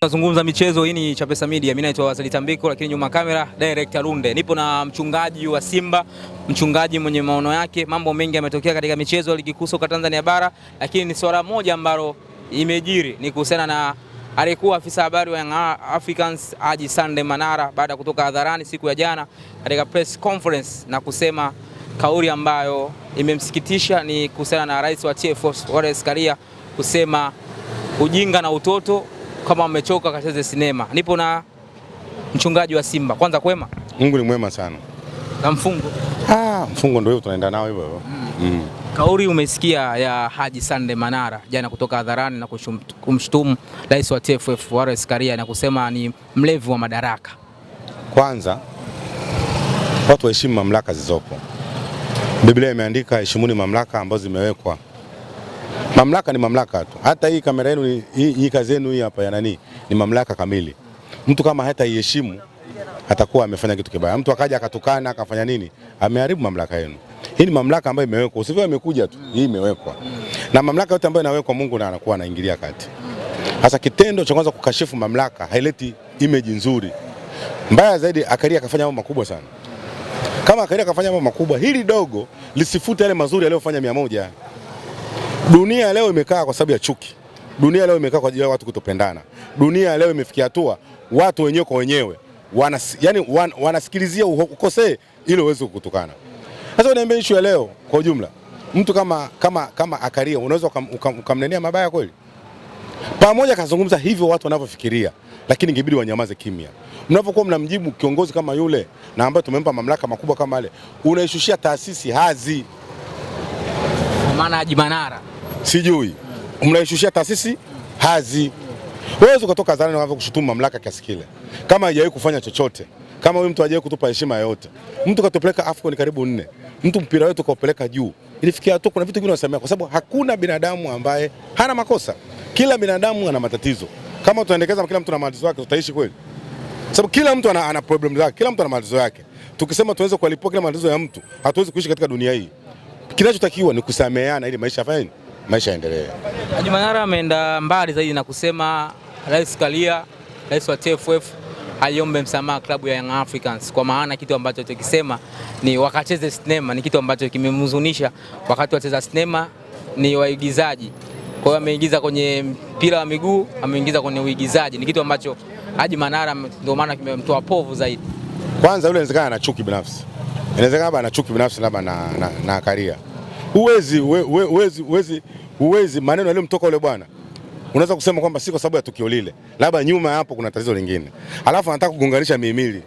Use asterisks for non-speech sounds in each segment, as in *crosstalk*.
Tunazungumza michezo, hii ni Chapesa Media. Mimi naitwa Wazali Tambiko, lakini nyuma kamera director Runde. Nipo na mchungaji wa Simba, mchungaji mwenye maono yake. Mambo mengi yametokea katika michezo ligi kuu soka Tanzania bara, lakini ni swala moja ambalo imejiri ni kuhusiana na aliyekuwa afisa habari wa Young Africans Haji Sande Manara baada ya kutoka hadharani siku ya jana katika press conference na kusema kauli ambayo imemsikitisha, ni kuhusiana na rais wa TFF Wallace Karia kusema ujinga na utoto kama wamechoka kacheze sinema. Nipo na mchungaji wa Simba. Kwanza kwema? Mungu ni mwema sana. Na mfungo? Ah, mfungo ndio tunaenda nao hivyo hivyo. Mm. Mm. Kauli umesikia ya Haji Sande Manara jana kutoka hadharani na kumshutumu rais wa TFF Wallace Karia na kusema ni mlevi wa madaraka. Kwanza watu waheshimu mamlaka zilizopo. Biblia imeandika heshimuni mamlaka ambazo zimewekwa Mamlaka ni mamlaka tu. Hata hii kamera yenu hii, hii kazi yenu hii hapa ya nani ni mamlaka kamili. Mtu kama hata hataiheshimu atakuwa amefanya kitu kibaya. Mtu akaja akatukana akafanya nini, ameharibu mamlaka yenu. Hii ni mamlaka ambayo imewekwa, usivyo imekuja tu, hii imewekwa na mamlaka yote ambayo inawekwa, Mungu na anakuwa anaingilia kati. Sasa kitendo cha kwanza kukashifu mamlaka haileti image nzuri. Mbaya zaidi Akaria akafanya mambo makubwa sana. Kama Akaria akafanya mambo makubwa, hili dogo lisifute yale mazuri aliyofanya mia moja. Dunia leo imekaa kwa sababu ya chuki. Dunia leo imekaa kwa ajili ya watu kutopendana. Dunia leo imefikia hatua watu wenyewe kwa wenyewe wanas, yani wan, wanasikilizia ukosee ili uweze kukutukana. Sasa niambie issue ya leo kwa ujumla, mtu kama, kama, kama Akaria unaweza ukamnenea ukam, ukam mabaya kweli? Pamoja kazungumza hivyo watu wanavyofikiria, lakini ingebidi wanyamaze kimya. Mnapokuwa mnamjibu kiongozi kama yule na ambaye tumempa mamlaka makubwa kama yale, unaishushia taasisi hazi. Kwa Maana Haji Manara sijui mnaishushia taasisi hazi. Wewe ukatoka zana na kushutumu mamlaka kiasi kile, kama haijawahi kufanya chochote, kama huyu mtu hajawahi kutupa heshima yoyote, mtu katupeleka AFCON karibu nne, mtu mpira wetu kaupeleka juu, ilifikia hatua kuna vitu vingine unasemea, kwa sababu hakuna binadamu ambaye hana makosa, kila binadamu ana matatizo. Kama tunaendekeza kila mtu na matatizo yake, tutaishi kweli? Sababu kila mtu ana, ana problem zake, kila mtu ana matatizo yake. Tukisema tuweze kualipua kila matatizo ya mtu, hatuwezi kuishi katika dunia hii. Kinachotakiwa ni kusameheana ili maisha yafanye maisha yaendelee. Haji Manara ameenda mbali zaidi na kusema Rais kalia rais wa TFF aliombe msamaha klabu ya Young Africans kwa maana kitu ambacho chokisema ni wakacheze sinema ni kitu ambacho kimemhuzunisha. Wakati wacheza sinema ni waigizaji, kwa hiyo ameingiza kwenye mpira wa miguu, ameingiza kwenye uigizaji, ni kitu ambacho Haji Manara ndio maana kimemtoa povu zaidi. Kwanza yule inawezekana ana chuki binafsi, inawezekana ana chuki binafsi labda na, na, na Karia Huwezi huwezi huwezi huwezi, maneno yaliyomtoka yule bwana unaweza kusema kwamba si kwa sababu ya tukio lile, labda nyuma hapo kuna tatizo lingine, alafu anataka kugonganisha mihimili,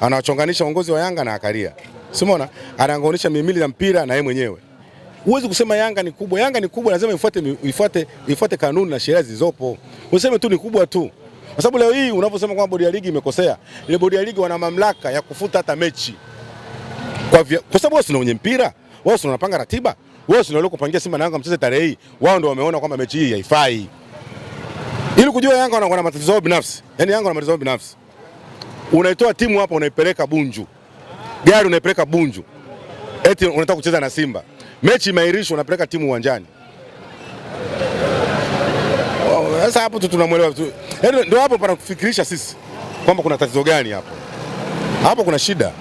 anawachonganisha uongozi wa Yanga na Akaria, simona anagonganisha mihimili ya mpira na yeye mwenyewe. Huwezi kusema Yanga ni kubwa. Yanga ni kubwa, lazima ifuate, ifuate, ifuate kanuni na sheria zilizopo. Useme tu ni kubwa tu, kwa sababu leo hii unavyosema kwamba bodi ya ligi imekosea, ile bodi ya ligi wana mamlaka ya kufuta hata mechi kwa, kwa sababu wao si mwenye mpira wao si wanapanga ratiba, wao si walio kupangia Simba na Yanga mcheze tarehe hii, wao ndio wameona kwamba mechi hii haifai, ili kujua Yanga wana matatizo yao binafsi. Yani Yanga wana matatizo binafsi. Unaitoa timu hapa unaipeleka Bunju, gari unaipeleka Bunju, eti unataka kucheza na Simba, mechi imeahirishwa, unapeleka timu uwanjani. Sasa hapo tu tunamuelewa tu. Yaani ndio hapo pana kufikirisha sisi kwamba kuna tatizo gani hapo. Hapo kuna shida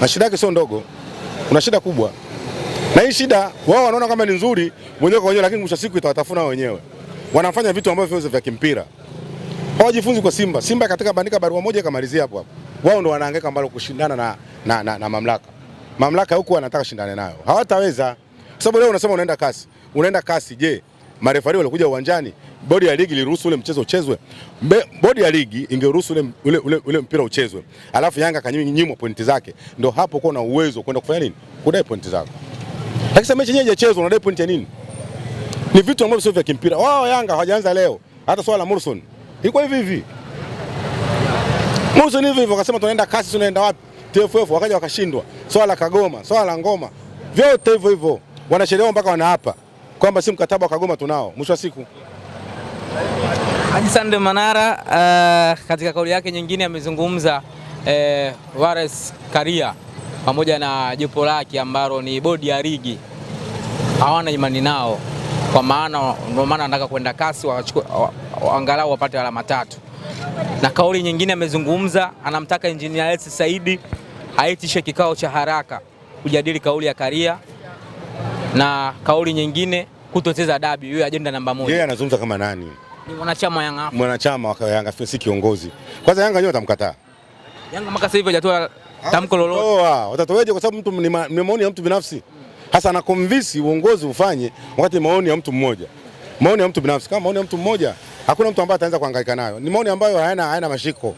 na shida yake sio ndogo, kuna shida kubwa. Na hii shida wao wanaona kama ni nzuri mwenyewe kwa wenyewe, lakini mwisho siku itawatafuna wenyewe. Wanafanya vitu ambavyo vya kimpira hawajifunzi kwa Simba. Simba katika bandika barua moja ikamalizia hapo hapo, wao ndo wanahangaika mbali kushindana na, na, na, na mamlaka mamlaka huku wanataka shindane nayo, hawataweza sababu leo unasema unaenda kasi, unaenda kasi. Je, marefari walikuja uwanjani? Bodi ya ligi iliruhusu ule mchezo uchezwe? Bodi ya ligi ingeruhusu ule, ule, ule, ule mpira uchezwe, alafu Yanga kanyimwa pointi zake, ndio hapo kwa na uwezo kwenda kufanya nini, kudai pointi zako. Lakini sasa mechi yenyewe haijachezwa, na point ya nini? Ni vitu ambavyo sio vya kimpira. Wao Yanga hawajaanza leo. Hata swala la Morrison ilikuwa hivi hivi. Morrison hivi hivi akasema tunaenda kasi, tunaenda wapi? TFF wakaja wakashindwa. Swala la Kagoma, swala la Ngoma, vyote hivyo hivyo. Wanachelewa mpaka wanaapa kwamba si mkataba wa Kagoma tunao. Mwisho wa siku Haji Manara uh, katika kauli yake nyingine amezungumza ya eh, Wallace Karia pamoja na jopo lake ambalo ni bodi ya ligi hawana imani nao, kwa maana ndio maana wanataka kwenda kasi angalau wapate alama tatu. Na kauli nyingine amezungumza, anamtaka engineer Hersi Saidi aitishe kikao cha haraka kujadili kauli ya Karia na kauli nyingine kutoteza dabi. Hiyo ajenda namba moja. Yeye anazungumza kama nani? Ni mwanachama Yanga, mwanachama wa Yanga, si kiongozi. Kwanza Yanga wenyewe atamkataa Yanga mpaka sasa hivi hajatoa tamko lolote. Watatoaje? Kwa sababu mtu ni maoni ya mtu binafsi, hasa na convince uongozi ufanye, wakati maoni ya mtu mmoja, maoni ya mtu binafsi. Kama maoni ya mtu mmoja, hakuna mtu ambaye ataanza kuhangaika nayo, ni maoni ambayo hayana hayana mashiko.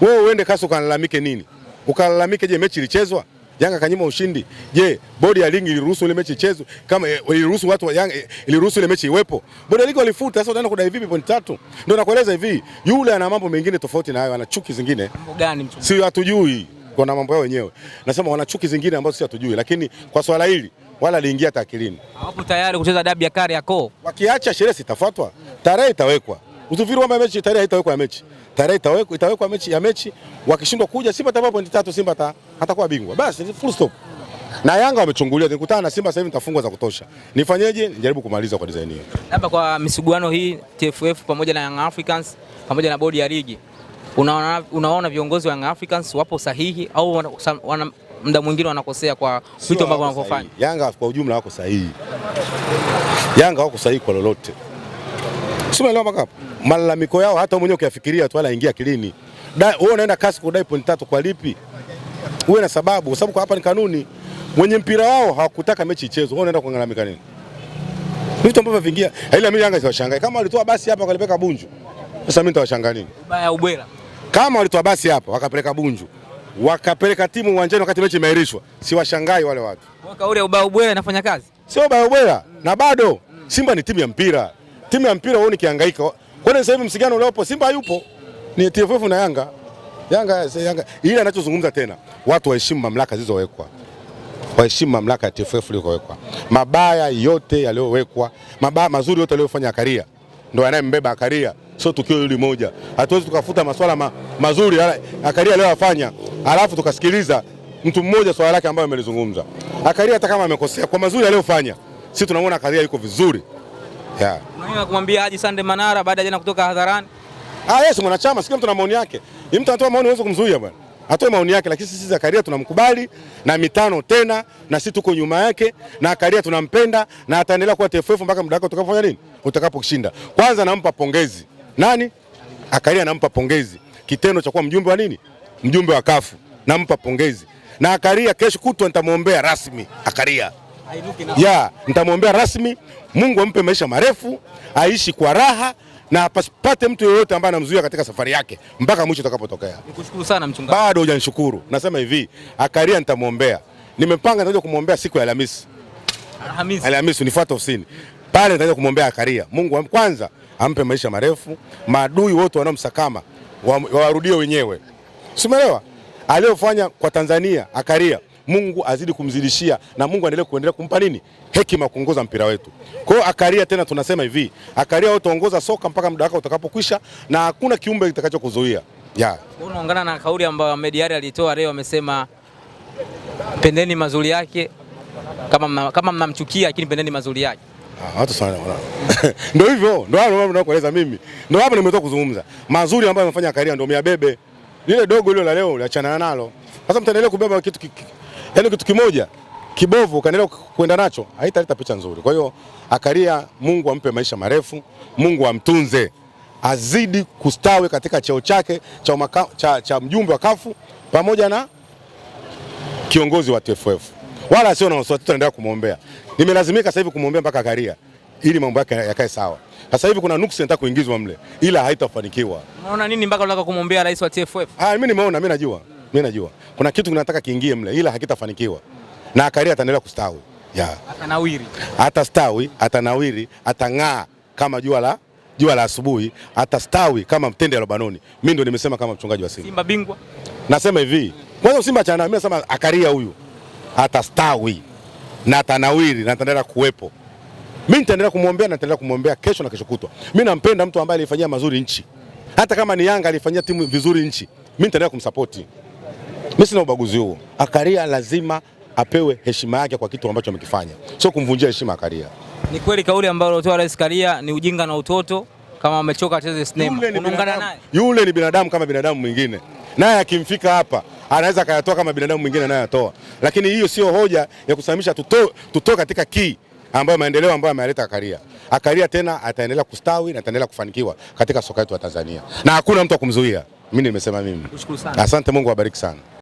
Wewe uende kasi ukalalamike nini? Ukalalamike je, mechi ilichezwa Yanga kanyima ushindi? Je, bodi ya ligi iliruhusu ile mechi ichezwe? Kama e, iliruhusu watu wa Yanga eh, iliruhusu ile mechi iwepo, bodi ya ligi walifuta. Sasa unaenda kudai vipi point tatu? Ndio nakueleza hivi, yule ana mambo mengine tofauti na hayo, ana chuki zingine. Mambo gani mtu? Si hatujui wana mambo yao wenyewe. Nasema wana chuki zingine ambazo sisi hatujui, lakini kwa swala hili wala liingia hata akilini. Hawapo tayari kucheza dabi ya Kariakoo. Wakiacha sherehe zitafuatwa, tarehe itawekwa uzuviri kwamba mechi tarehe haitawekwa ya mechi, tarehe itawekwa itawekwa mechi ya mechi. Wakishindwa kuja Simba atapata pointi tatu, Simba hatakuwa bingwa, basi full stop. Na Yanga wamechungulia, nikutana na Simba sasa hivi nitafungwa za kutosha, nifanyeje? Nijaribu kumaliza kwa design hiyo. Labda kwa misuguano hii TFF pamoja na Young Africans pamoja na bodi ya ligi Unaona, unaona viongozi wa Africans wapo sahihi au wana, muda mwingine wanakosea kwa vitu ambavyo wanavyofanya. Yanga kwa ujumla wako sahihi, Yanga wako sahihi kwa lolote, si unaelewa mpaka mm. Malalamiko yao hata mwenyewe ukiyafikiria tu wala ingia kilini. Wewe unaenda kasi kudai point tatu kwa lipi? Uwe na sababu, kwa sababu kwa hapa ni kanuni. Mwenye mpira wao hawakutaka mechi ichezwe, wewe unaenda kung'alamika nini? Vitu ambavyo vingia, ila mimi Yanga siwashangai. Kama walitoa basi hapa kalipeka Bunju, sasa mimi nitawashangaa nini? Ubaya ubwela kama walitoa basi hapa wakapeleka Bunju wakapeleka timu uwanjani wakati mechi imeahirishwa, si washangai wale watu. Kauli ya ubao bwela inafanya kazi, sio ubao bwela mm. na bado mm. Simba ni timu ya mpira, timu ya mpira. Wewe nikihangaika, kwani sasa hivi msigano uliopo Simba yupo ni TFF na Yanga. Yanga, Yanga ile anachozungumza tena, watu waheshimu mamlaka zilizowekwa, waheshimu mamlaka ya TFF iliyowekwa. Mabaya yote yaliyowekwa, mabaya mazuri yote aliyofanya Akaria, ndio anayembeba Akaria sio tukio hili moja. Hatuwezi tukafuta masuala ma, mazuri Akaria leo afanya, alafu tukasikiliza mtu mmoja swala lake ambayo amelizungumza Akaria, hata kama amekosea kwa mazuri aliyofanya, sisi tunamwona Akaria yuko vizuri yeah. Mimi kumwambia aje Sande Manara baada ya jana kutoka hadharani Ah, yes mwanachama, sikia, mtu na maoni yake. Mtu anatoa maoni, huwezi kumzuia bwana, atoe maoni yake, lakini sisi Zakaria tunamkubali na mitano tena, na sisi tuko nyuma yake, na Zakaria tunampenda na ataendelea kuwa TFF mpaka muda wake utakapofanya nini, utakapokishinda. Kwanza nampa pongezi nani Akalia nampa pongezi kitendo cha kuwa mjumbe wa nini, mjumbe wa kafu, nampa pongezi na Akalia kesho kutwa nitamwombea rasmi Akalia ya nitamwombea rasmi. Mungu ampe maisha marefu, aishi kwa raha na apate mtu yoyote ambaye anamzuia katika safari yake mpaka mwisho utakapotokea. Nikushukuru sana mchungaji. Bado hujanishukuru. Nasema hivi, Akalia nitamwombea, nimepanga nitakuja kumwombea siku ya Alhamisi. Alhamisi, Alhamisi nifuate ofisini pale, nitakuja kumwombea Akalia. Mungu kwanza ampe maisha marefu. Maadui wote wanaomsakama wawarudie wenyewe, simelewa aliyofanya kwa Tanzania akaria. Mungu azidi kumzidishia na Mungu aendelee kuendelea kumpa nini hekima kuongoza mpira wetu. Kwa hiyo Akaria tena tunasema hivi, Akaria utaongoza soka mpaka muda wako utakapokwisha na hakuna kiumbe kitakachokuzuia. Yeah. Unaungana na kauli ambayo Ahmed Ally alitoa leo, amesema pendeni mazuri yake, kama mnamchukia kama mnamchukia lakini pendeni mazuri yake hata ah, sana wala *laughs* ndio hivyo, ndio hapo ninakueleza mimi, ndio hapo nimetoka kuzungumza mazuri ambayo amefanya Karia, ndio miabebe lile dogo lile la leo liachana nalo. Sasa mtaendelea kubeba kitu yaani kitu kimoja kibovu, kaendelea kwenda nacho, haitaleta picha nzuri. Kwa hiyo Akaria, Mungu ampe maisha marefu, Mungu amtunze, azidi kustawi katika cheo chake cha, cha, cha mjumbe wa kafu pamoja na kiongozi wa TFF wala sio na wasiwasi, tunaendelea kumwombea. Nimelazimika sasa hivi kumwombea mpaka Karia ili mambo yake yakae sawa. Sasa hivi kuna nuksi nataka kuingizwa mle, ila haitafanikiwa. Unaona nini mpaka unataka kumwombea rais wa TFF? Ah, mimi nimeona, mimi najua, mimi najua kuna kitu kinataka kiingie mle, ila hakitafanikiwa na Karia ataendelea kustawi ya Atanawiri, atastawi, atanawiri, atang'aa kama jua la jua la asubuhi, atastawi kama mtende wa Lebanoni. Mimi ndo nimesema kama mchungaji wa Simba. Simba bingwa. Nasema hivi, kwanza Simba chana, mimi nasema akaria huyu atastawi na atanawiri na ataendelea kuwepo. Mimi nitaendelea kumwombea na nitaendelea kumwombea kesho na kesho kutwa. Mimi nampenda mtu ambaye alifanyia mazuri nchi, hata kama ni Yanga alifanyia timu vizuri nchi, mimi nitaendelea kumsapoti. Mimi sina ubaguzi huo. Akaria lazima apewe heshima yake kwa kitu ambacho amekifanya, sio kumvunjia heshima Akaria. Ni kweli kauli ambayo alitoa Rais Karia ni ujinga na utoto, kama amechoka acheze sinema. Unaungana naye? Yule ni binadamu kama binadamu mwingine naye akimfika hapa anaweza akayatoa kama binadamu mwingine anayoyatoa, lakini hiyo sio hoja ya kusimamisha tutoe tuto katika kii ambayo maendeleo ambayo ameleta akaria Akaria tena ataendelea kustawi na ataendelea kufanikiwa katika soka letu ya Tanzania, na hakuna mtu akumzuia. Mimi nimesema mimi, asante. Mungu awabariki sana.